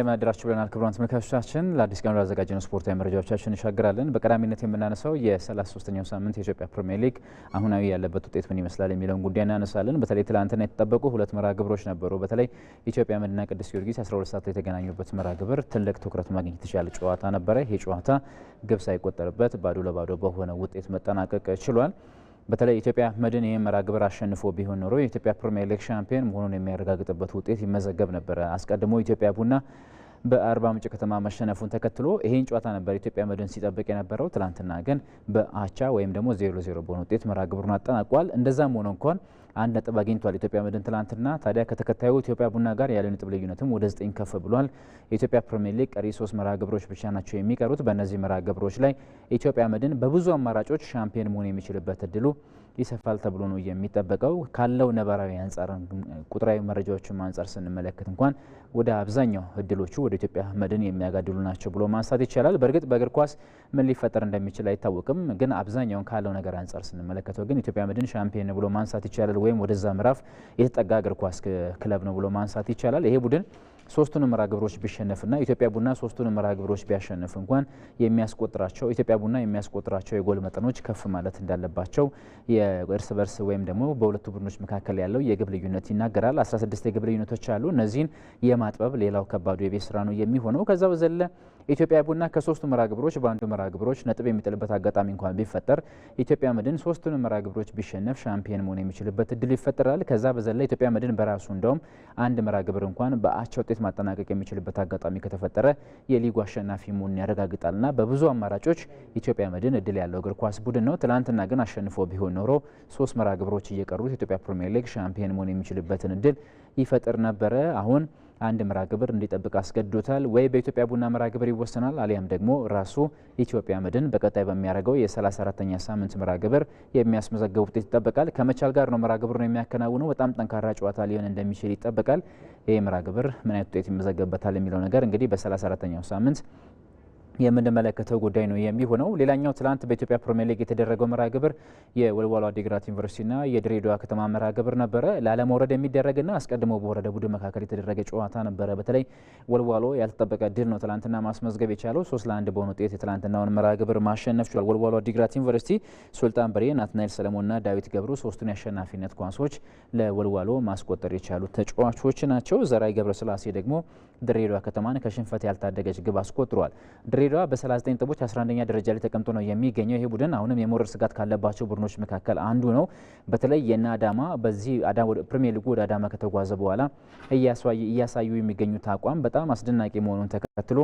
የማደራችሁ ብለናል። ክቡራን ተመልካቾቻችን ለአዲስ ቀን ያዘጋጀነው ስፖርታዊ መረጃዎቻችን እንሻገራለን። በቀዳሚነት የምናነሳው የ33ኛው ሳምንት የኢትዮጵያ ፕሪሚየር ሊግ አሁናዊ ያለበት ውጤት ምን ይመስላል የሚለውን ጉዳይ እናነሳለን። በተለይ ትላንትና የተጠበቁ ሁለት መራ ግብሮች ነበሩ። በተለይ ኢትዮጵያ መድና ቅዱስ ጊዮርጊስ 12 ሰዓት ላይ የተገናኙበት መራ ግብር ትልቅ ትኩረት ማግኘት የተቻለ ጨዋታ ነበረ። ይህ ጨዋታ ግብ ሳይቆጠርበት ባዶ ለባዶ በሆነ ውጤት መጠናቀቅ ችሏል። በተለይ ኢትዮጵያ መድን ይህን መርሃ ግብር አሸንፎ ቢሆን ኖሮ የኢትዮጵያ ፕሪሚየር ሊግ ሻምፒዮን መሆኑን የሚያረጋግጥበት ውጤት ይመዘገብ ነበረ። አስቀድሞ ኢትዮጵያ ቡና በአርባ ምንጭ ከተማ መሸነፉን ተከትሎ ይህን ጨዋታ ነበር ኢትዮጵያ መድን ሲጠብቅ የነበረው። ትላንትና ግን በአቻ ወይም ደግሞ ዜሮ ዜሮ በሆነ ውጤት መርሃ ግብሩን አጠናቋል። እንደዛም ሆኖ እንኳን አንድ ነጥብ አግኝቷል ኢትዮጵያ መድን ትላንትና። ታዲያ ከተከታዩ ኢትዮጵያ ቡና ጋር ያለው ነጥብ ልዩነትም ወደ ዘጠኝ ከፍ ብሏል። የኢትዮጵያ ፕሪሚየር ሊግ ቀሪ ሶስት መርሃ ግብሮች ብቻ ናቸው የሚቀሩት። በእነዚህ መርሃ ግብሮች ላይ ኢትዮጵያ መድን በብዙ አማራጮች ሻምፒዮን መሆን የሚችልበት እድሉ ይሰፋል ተብሎ ነው የሚጠበቀው። ካለው ነባራዊ አንጻር ቁጥራዊ መረጃዎችን አንጻር ስንመለከት እንኳን ወደ አብዛኛው እድሎቹ ወደ ኢትዮጵያ መድን የሚያጋድሉ ናቸው ብሎ ማንሳት ይቻላል። በእርግጥ በእግር ኳስ ምን ሊፈጠር እንደሚችል አይታወቅም፣ ግን አብዛኛውን ካለው ነገር አንጻር ስንመለከተው ግን ኢትዮጵያ መድን ሻምፒየን ብሎ ማንሳት ይቻላል፣ ወይም ወደዛ ምዕራፍ የተጠጋ እግር ኳስ ክለብ ነው ብሎ ማንሳት ይቻላል። ይሄ ቡድን ሶስቱን መርሃ ግብሮች ቢሸነፍና ኢትዮጵያ ቡና ሶስቱን መርሃ ግብሮች ቢያሸንፍ እንኳን የሚያስቆጥራቸው ኢትዮጵያ ቡና የሚያስቆጥራቸው የጎል መጠኖች ከፍ ማለት እንዳለባቸው የእርስ በርስ ወይም ደግሞ በሁለቱ ቡድኖች መካከል ያለው የግብ ልዩነት ይናገራል። 16 የግብ ልዩነቶች አሉ። እነዚህን የማጥበብ ሌላው ከባዱ የቤት ስራ ነው የሚሆነው ከዛ በዘለ ኢትዮጵያ ቡና ከሶስቱ መርሃ ግብሮች በአንዱ መርሃ ግብሮች ነጥብ የሚጥልበት አጋጣሚ እንኳን ቢፈጠር ኢትዮጵያ መድን ሶስቱን መርሃ ግብሮች ቢሸነፍ ሻምፒየን መሆን የሚችልበት እድል ይፈጠራል። ከዛ በዘላ ኢትዮጵያ መድን በራሱ እንደውም አንድ መርሃ ግብር እንኳን በአቻ ውጤት ማጠናቀቅ የሚችልበት አጋጣሚ ከተፈጠረ የሊጉ አሸናፊ መሆኑን ያረጋግጣልና በብዙ አማራጮች ኢትዮጵያ መድን እድል ያለው እግር ኳስ ቡድን ነው። ትላንትና ግን አሸንፎ ቢሆን ኖሮ ሶስት መርሃ ግብሮች እየቀሩት ኢትዮጵያ ፕሪሚየር ሊግ ሻምፒየን መሆን የሚችልበትን እድል ይፈጥር ነበረ አሁን አንድ መርሃ ግብር እንዲጠብቅ አስገድዶታል። ወይ በኢትዮጵያ ቡና መርሃ ግብር ይወሰናል አሊያም ደግሞ ራሱ ኢትዮጵያ መድን በቀጣይ በሚያደርገው የ 34 ሳምንት መርሃ ግብር የሚያስመዘግብ ውጤት ይጠበቃል። ከመቻል ጋር ነው መርሃ የሚያከናውነው። በጣም ጠንካራ ጨዋታ ሊሆን እንደሚችል ይጠበቃል። ይህ መርሃ ግብር ምን አይነት ውጤት ይመዘገብበታል የሚለው ነገር እንግዲህ በ34ኛው ሳምንት የምንመለከተው ጉዳይ ነው የሚሆነው። ሌላኛው ትናንት በኢትዮጵያ ፕሪሚየር ሊግ የተደረገው መርሃ ግብር የወልዋሎ አዲግራት ዩኒቨርሲቲና የድሬዳዋ ከተማ መርሃ ግብር ነበረ። ላለመውረድ የሚደረግና አስቀድሞ በወረደ ቡድን መካከል የተደረገ ጨዋታ ነበረ። በተለይ ወልዋሎ ያልተጠበቀ ድል ነው ትላንትና ማስመዝገብ የቻለው ሶስት ለአንድ በሆነ ውጤት የትላንትናውን መርሃ ግብር ማሸነፍ ችሏል። ወልዋሎ አዲግራት ዩኒቨርሲቲ ሱልጣን በሬ፣ ናትናኤል ሰለሞንና ዳዊት ገብሩ ሶስቱን የአሸናፊነት ኳሶች ለወልዋሎ ማስቆጠር የቻሉ ተጫዋቾች ናቸው። ዘራይ ገብረስላሴ ደግሞ ድሬዳዋ ከተማን ከሽንፈት ያልታደገች ግብ አስቆጥሯል። ድሬዳዋ በ39 ነጥቦች 11ኛ ደረጃ ላይ ተቀምጦ ነው የሚገኘው። ይህ ቡድን አሁንም የመውረድ ስጋት ካለባቸው ቡድኖች መካከል አንዱ ነው። በተለይ የና አዳማ በዚህ ፕሪሚየር ሊጉ ወደ አዳማ ከተጓዘ በኋላ እያሳዩ የሚገኙት አቋም በጣም አስደናቂ መሆኑን ተከትሎ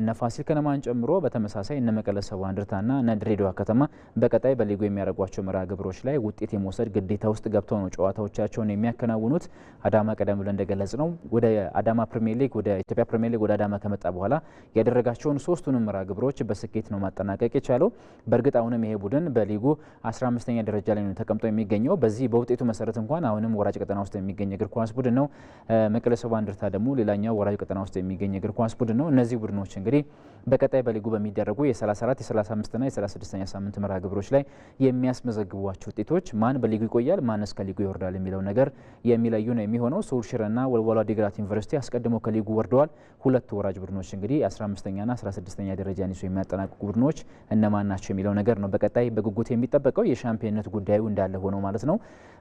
እነ ፋሲል ከነማን ጨምሮ በተመሳሳይ እነ መቀለ ሰባ እንደርታና እነ ድሬዳዋ ከተማ በቀጣይ በሊጉ የሚያደርጓቸው መርሃ ግብሮች ላይ ውጤት የመውሰድ ግዴታ ውስጥ ገብተው ነው ጨዋታዎቻቸውን የሚያከናውኑት። አዳማ ቀደም ብለን እንደገለጽ ነው ወደ አዳማ ፕሪሚየር ሊግ ወደ ኢትዮጵያ ፕሪሚየር ሊግ ወደ አዳማ ከመጣ በኋላ ያደረጋቸውን ሶስቱንም መርሃ ግብሮች በስኬት ነው ማጠናቀቅ የቻለው። በእርግጥ አሁንም ይሄ ቡድን በሊጉ 15ኛ ደረጃ ላይ ነው ተቀምጦ የሚገኘው። በዚህ በውጤቱ መሰረት እንኳን አሁንም ወራጅ ቀጠና ውስጥ የሚገኝ እግር ኳስ ቡድን ነው። መቀለ ሰባ እንደርታ ደግሞ ሌላኛው ወራጅ ቀጠና ውስጥ የሚገኝ እግር ኳስ ቡድን ነው። እነዚህ ቡድኖች እንግዲህ በቀጣይ በሊጉ በሚደረጉ የ34 የ35ና የ36ኛ ሳምንት መርሃ ግብሮች ላይ የሚያስመዘግቧቸው ውጤቶች ማን በሊጉ ይቆያል፣ ማን እስከ ሊጉ ይወርዳል የሚለው ነገር የሚለዩ ነው የሚሆነው። ሶልሽርና ወልዋሎ ዓዲግራት ዩኒቨርሲቲ አስቀድሞ ከሊጉ ወርደዋል። ሁለቱ ወራጅ ቡድኖች እንግዲህ 15ኛና 16ኛ ደረጃ ይዞ የሚያጠናቅቁ ቡድኖች እነማን ናቸው የሚለው ነገር ነው በቀጣይ በጉጉት የሚጠበቀው። የሻምፒዮንነት ጉዳዩ እንዳለ ሆኖ ማለት ነው።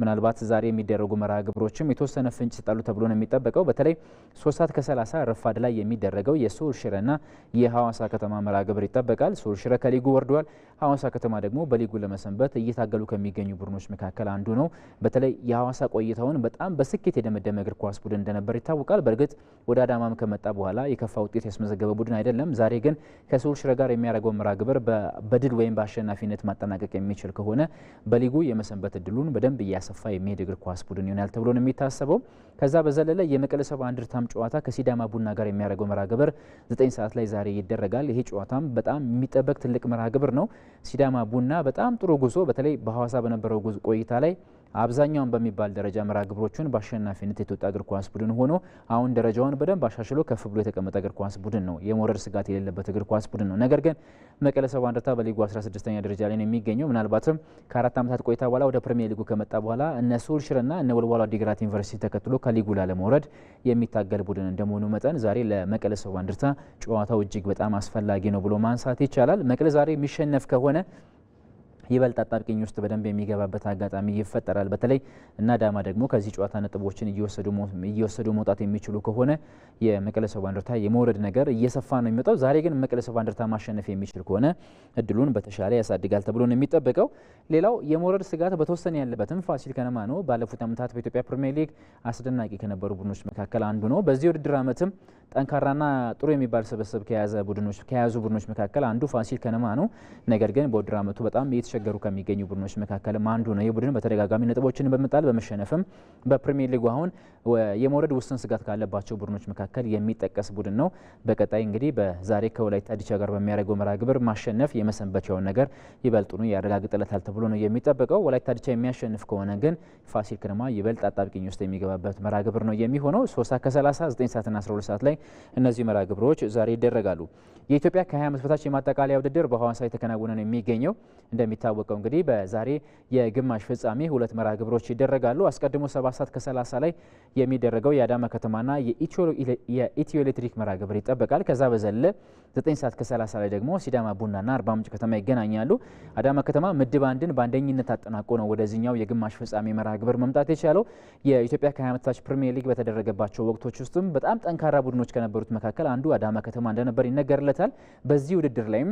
ምናልባት ዛሬ የሚደረጉ መርሃ ግብሮችም የተወሰነ ፍንጭ ይሰጣሉ ተብሎ ነው የሚጠበቀው። በተለይ 3 ሰዓት ከ30 ረፋድ ላይ የሚደረገው የሶልሽርና የሀዋ ከሐዋሳ ከተማ መርሃ ግብር ይጠበቃል። ሱር ሽረ ከሊጉ ወርዷል። ሐዋሳ ከተማ ደግሞ በሊጉ ለመሰንበት እየታገሉ ከሚገኙ ቡድኖች መካከል አንዱ ነው። በተለይ የሐዋሳ ቆይታውን በጣም በስኬት የደመደመ እግር ኳስ ቡድን እንደነበር ይታወቃል። በእርግጥ ወደ አዳማም ከመጣ በኋላ የከፋ ውጤት ያስመዘገበ ቡድን አይደለም። ዛሬ ግን ከሱር ሽረ ጋር የሚያደርገው ምራ ግብር በድል ወይም በአሸናፊነት ማጠናቀቅ የሚችል ከሆነ በሊጉ የመሰንበት እድሉን በደንብ እያሰፋ የሚሄድ እግር ኳስ ቡድን ይሆናል ተብሎ ነው የሚታሰበው። ከዛ በዘለለ የመቀለ ሰባ አንድርታም ጨዋታ ከሲዳማ ቡና ጋር የሚያደርገው ምራ ግብር ዘጠኝ ሰዓት ላይ ዛሬ ይደረጋል። ይሄ ጨዋታም በጣም የሚጠበቅ ትልቅ ምራ ግብር ነው። ሲዳማ ቡና በጣም ጥሩ ጉዞ በተለይ በሐዋሳ በነበረው ጉዞ ቆይታ ላይ አብዛኛውን በሚባል ደረጃ መራ ግብሮቹን በአሸናፊነት የተወጣ እግር ኳስ ቡድን ሆኖ አሁን ደረጃውን በደንብ አሻሽሎ ከፍ ብሎ የተቀመጠ እግር ኳስ ቡድን ነው። የመውረድ ስጋት የሌለበት እግር ኳስ ቡድን ነው። ነገር ግን መቀለ ሰባ እንደርታ በሊጉ 16ኛ ደረጃ ላይ ነው የሚገኘው። ምናልባትም ከአራት ዓመታት ቆይታ በኋላ ወደ ፕሪሚየር ሊጉ ከመጣ በኋላ እነ ሶልሽርና እነ ወልዋሎ አዲግራት ዩኒቨርሲቲ ተከትሎ ከሊጉ ላለመውረድ የሚታገል ቡድን እንደመሆኑ መጠን ዛሬ ለመቀለ ሰባ እንደርታ ጨዋታው እጅግ በጣም አስፈላጊ ነው ብሎ ማንሳት ይቻላል። መቀለ ዛሬ የሚሸነፍ ከሆነ ይበልጥ አጣብቂኝ ውስጥ በደንብ የሚገባበት አጋጣሚ ይፈጠራል። በተለይ እና ዳማ ደግሞ ከዚህ ጨዋታ ነጥቦችን እየወሰዱ መውጣት የሚችሉ ከሆነ የመቀለ ሰባ እንደርታ የመውረድ ነገር እየሰፋ ነው የሚመጣው። ዛሬ ግን መቀለ ሰባ እንደርታ ማሸነፍ የሚችል ከሆነ እድሉን በተሻለ ያሳድጋል ተብሎ ነው የሚጠበቀው። ሌላው የመውረድ ስጋት በተወሰነ ያለበትም ፋሲል ከነማ ነው። ባለፉት ዓመታት በኢትዮጵያ ፕሪሚየር ሊግ አስደናቂ ከነበሩ ቡድኖች መካከል አንዱ ነው። በዚህ ውድድር ዓመትም ጠንካራና ጥሩ የሚባል ስብስብ ከያዙ ቡድኖች መካከል አንዱ ፋሲል ከነማ ነው። ነገር ግን በውድድር ዓመቱ በጣም እየተቸገሩ ከሚገኙ ቡድኖች መካከልም አንዱ ነው። ይህ ቡድን በተደጋጋሚ ነጥቦችን በመጣል በመሸነፍም በፕሪሚየር ሊጉ አሁን የመውረድ ውስን ስጋት ካለባቸው ቡድኖች መካከል የሚጠቀስ ቡድን ነው። በቀጣይ እንግዲህ በዛሬ ከወላይታ ዲቻ ጋር በሚያደርገው መርሃ ግብር ማሸነፍ የመሰንበቻውን ነገር ይበልጡኑ ያረጋግጥለታል ተብሎ ነው የሚጠበቀው። ወላይታ ዲቻ የሚያሸንፍ ከሆነ ግን ፋሲል ከነማ ይበልጥ አጣብቂኝ ውስጥ የሚገባበት መርሃ ግብር ነው የሚሆነው። 3 ከ30፣ 9 ሰዓትና 12 ሰዓት ላይ እነዚህ መርሃ ግብሮች ዛሬ ይደረጋሉ። የኢትዮጵያ ከ20 ዓመት በታች የማጠቃለያ ውድድር በሐዋሳ የተከናወነ ነው የሚገኘው እንደሚታ የሚታወቀው። እንግዲህ በዛሬ የግማሽ ፍጻሜ ሁለት መርሃ ግብሮች ይደረጋሉ። አስቀድሞ 7 ሰዓት ከ30 ላይ የሚደረገው የአዳማ ከተማና የኢትዮ ኤሌክትሪክ መርሃ ግብር ይጠበቃል። ከዛ በዘለ 9 ሰዓት ከ30 ላይ ደግሞ ሲዳማ ቡናና አርባ ምንጭ ከተማ ይገናኛሉ። አዳማ ከተማ ምድብ አንድን በአንደኝነት አጠናቆ ነው ወደዚኛው የግማሽ ፍጻሜ መርሃ ግብር መምጣት የቻለው። የኢትዮጵያ ከ20 ዓመት በታች ፕሪሚየር ሊግ በተደረገባቸው ወቅቶች ውስጥም በጣም ጠንካራ ቡድኖች ከነበሩት መካከል አንዱ አዳማ ከተማ እንደነበር ይነገርለታል። በዚህ ውድድር ላይም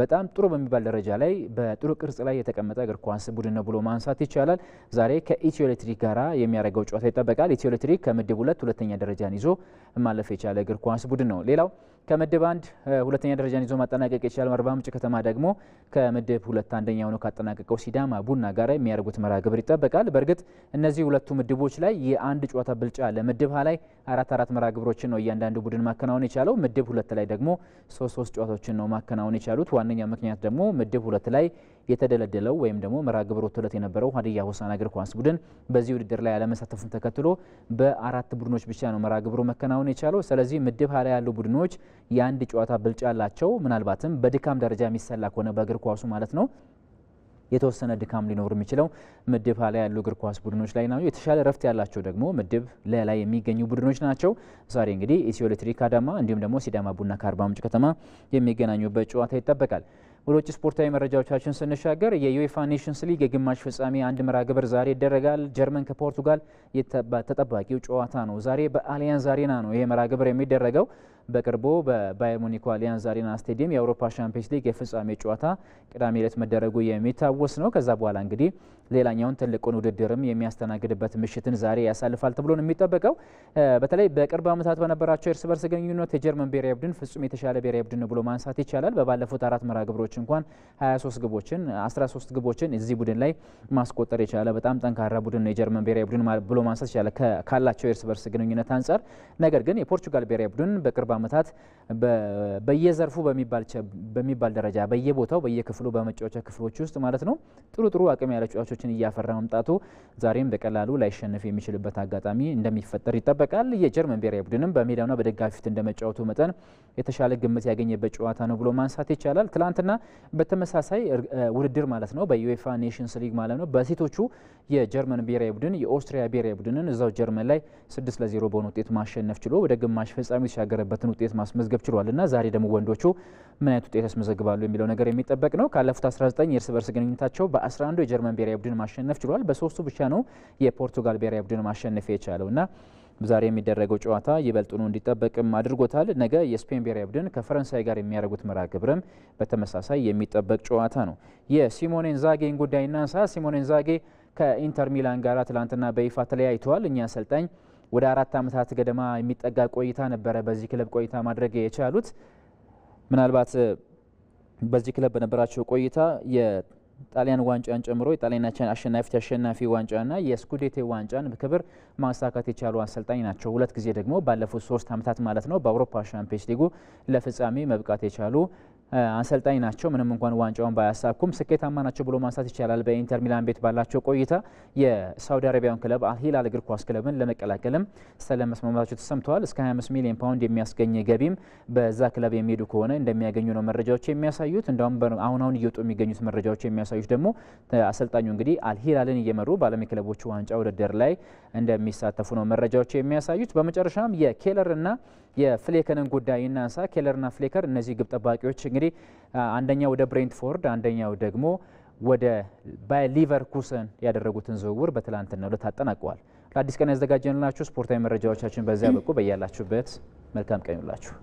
በጣም ጥሩ በሚባል ደረጃ ላይ በጥሩ ቅርጽ ላይ የተቀመጠ እግር ኳስ ቡድን ነው ብሎ ማንሳት ይቻላል። ዛሬ ከኢትዮ ኤሌክትሪክ ጋራ የሚያደርገው ጨዋታ ይጠበቃል። ኢትዮ ኤሌክትሪክ ከምድብ ሁለት ሁለተኛ ደረጃን ይዞ ማለፍ የቻለ እግር ኳስ ቡድን ነው። ሌላው ከምድብ አንድ ሁለተኛ ደረጃን ይዞ ማጠናቀቅ የቻለ አርባ ምንጭ ከተማ ደግሞ ከምድብ ሁለት አንደኛ ሆኖ ካጠናቀቀው ሲዳማ ቡና ጋር የሚያደርጉት መራ ግብር ይጠበቃል። በእርግጥ እነዚህ ሁለቱ ምድቦች ላይ የአንድ ጨዋታ ብልጫ አለ። ምድብ ሀ ላይ አራት አራት መራ ግብሮችን ነው እያንዳንዱ ቡድን ማከናወን የቻለው። ምድብ ሁለት ላይ ደግሞ ሶስት ሶስት ጨዋታዎችን ነው ማከናወን የቻሉት። ዋነኛ ምክንያት ደግሞ ምድብ ሁለት ላይ የተደለደለው ወይም ደግሞ መራ ግብሮት ሁለት የነበረው ሀዲያ ሆሳና እግር ኳስ ቡድን በዚህ ውድድር ላይ አለመሳተፉን ተከትሎ በአራት ቡድኖች ብቻ ነው መራ ግብሩ መከናወን የቻለው። ስለዚህ ምድብ ሀ ላይ ያሉ ቡድኖች የአንድ ጨዋታ ብልጫ አላቸው። ምናልባትም በድካም ደረጃ የሚሰላ ከሆነ በእግር ኳሱ ማለት ነው የተወሰነ ድካም ሊኖር የሚችለው ምድብ ሀ ላይ ያሉ እግር ኳስ ቡድኖች ላይ ነው። የተሻለ ረፍት ያላቸው ደግሞ ምድብ ለ ላይ የሚገኙ ቡድኖች ናቸው። ዛሬ እንግዲህ ኢትዮ ኤሌክትሪክ አዳማ እንዲሁም ደግሞ ሲዳማ ቡና ከአርባ ምንጭ ከተማ የሚገናኙበት ጨዋታ ይጠበቃል። ወደ ውጭ ስፖርታዊ መረጃዎቻችን ስንሻገር የዩኤፋ ኔሽንስ ሊግ የግማሽ ፍጻሜ አንድ መርሃ ግብር ዛሬ ይደረጋል። ጀርመን ከፖርቱጋል ተጠባቂው ጨዋታ ነው። ዛሬ በአሊያንዝ አሬና ነው ይሄ መርሃ ግብር የሚደረገው። በቅርቡ በባየር ሙኒኩ አሊያንዝ አሬና ስቴዲየም የአውሮፓ ሻምፒዮንስ ሊግ የፍጻሜ ጨዋታ ቅዳሜ ዕለት መደረጉ የሚታወስ ነው። ከዛ በኋላ እንግዲህ ሌላኛውን ትልቁን ውድድርም የሚያስተናግድበት ምሽትን ዛሬ ያሳልፋል ተብሎ ነው የሚጠበቀው። በተለይ በቅርብ ዓመታት በነበራቸው እርስ በርስ ግንኙነት የጀርመን ብሔራዊ ቡድን ፍጹም የተሻለ ብሔራዊ ቡድን ብሎ ማንሳት ይቻላል። በባለፉት አራት መርሃ ግብሮች እንኳን 23 ግቦችን 13 ግቦችን እዚህ ቡድን ላይ ማስቆጠር የቻለ በጣም ጠንካራ ቡድን ነው የጀርመን ብሔራዊ ቡድን ብሎ ማንሳት ይቻላል ካላቸው የእርስ በርስ ግንኙነት አንጻር። ነገር ግን የፖርቹጋል ብሔራዊ ቡድን በቅርብ ዓመታት በየዘርፉ በሚባል ደረጃ በየቦታው በየክፍሉ በመጫወቻ ክፍሎች ውስጥ ማለት ነው ጥሩ ጥሩ አቅም ያለ ጨዋቾችን እያፈራ መምጣቱ ዛሬም በቀላሉ ላይሸንፍ የሚችልበት አጋጣሚ እንደሚፈጠር ይጠበቃል። የጀርመን ብሔራዊ ቡድንም በሜዳውና በደጋፊ ፊት እንደመጫወቱ መጠን የተሻለ ግምት ያገኘበት ጨዋታ ነው ብሎ ማንሳት ይቻላል። ትናንትና በተመሳሳይ ውድድር ማለት ነው በዩኤፋ ኔሽንስ ሊግ ማለት ነው በሴቶቹ የጀርመን ብሔራዊ ቡድን የኦስትሪያ ብሔራዊ ቡድንን እዛው ጀርመን ላይ ስድስት ለዜሮ በሆነ ውጤት ማሸነፍ ችሎ ወደ ግማሽ ፍጻሜ የተሻገረበት የሚያስደስትን ውጤት ማስመዝገብ ችሏል እና ዛሬ ደግሞ ወንዶቹ ምን አይነት ውጤት ያስመዘግባሉ የሚለው ነገር የሚጠበቅ ነው። ካለፉት 19 የእርስ በርስ ግንኙነታቸው በ11 የጀርመን ብሔራዊ ቡድን ማሸነፍ ችሏል። በሶስቱ ብቻ ነው የፖርቱጋል ብሔራዊ ቡድን ማሸነፍ የቻለው እና ዛሬ የሚደረገው ጨዋታ ይበልጡኑ እንዲጠበቅም አድርጎታል። ነገ የስፔን ብሔራዊ ቡድን ከፈረንሳይ ጋር የሚያደርጉት መርሃ ግብርም በተመሳሳይ የሚጠበቅ ጨዋታ ነው። የሲሞኔን ዛጌን ጉዳይ እናንሳ። ሲሞኔን ዛጌ ከኢንተር ሚላን ጋር ትላንትና በይፋ ተለያይተዋል። እኛ አሰልጣኝ ወደ አራት ዓመታት ገደማ የሚጠጋ ቆይታ ነበረ በዚህ ክለብ ቆይታ ማድረግ የቻሉት። ምናልባት በዚህ ክለብ በነበራቸው ቆይታ የጣሊያን ዋንጫን ጨምሮ የጣሊያናችን አሸናፊ ዋንጫና የስኩዴቴ ዋንጫን ክብር ማሳካት የቻሉ አሰልጣኝ ናቸው። ሁለት ጊዜ ደግሞ ባለፉት ሶስት ዓመታት ማለት ነው በአውሮፓ ሻምፒዮንስ ሊጉ ለፍጻሜ መብቃት የቻሉ አሰልጣኝ ናቸው። ምንም እንኳን ዋንጫውን ባያሳኩም ስኬታማ ናቸው ብሎ ማንሳት ይቻላል። በኢንተር ሚላን ቤት ባላቸው ቆይታ የሳውዲ አረቢያን ክለብ አልሂላል እግር ኳስ ክለብን ለመቀላቀልም ስለመስማማታቸው ተሰምተዋል። እስከ 25 ሚሊዮን ፓውንድ የሚያስገኝ ገቢም በዛ ክለብ የሚሄዱ ከሆነ እንደሚያገኙ ነው መረጃዎች የሚያሳዩት። እንዲሁም አሁን አሁን እየወጡ የሚገኙት መረጃዎች የሚያሳዩት ደግሞ አሰልጣኙ እንግዲህ አልሂላልን እየመሩ በዓለም የክለቦች ዋንጫ ውድድር ላይ እንደሚሳተፉ ነው መረጃዎች የሚያሳዩት። በመጨረሻም የኬለርና የፍሌከንን ጉዳይ እናንሳ። ኬለርና ፍሌከር እነዚህ ግብ ጠባቂዎች እንግዲህ አንደኛው ወደ ብሬንትፎርድ አንደኛው ደግሞ ወደ ባየር ሊቨርኩሰን ያደረጉትን ዝውውር በትላንትናው ዕለት አጠናቀዋል። ለአዲስ ቀን ያዘጋጀንላችሁ ስፖርታዊ መረጃዎቻችን በዚያ በቁ። በያላችሁበት መልካም ቀን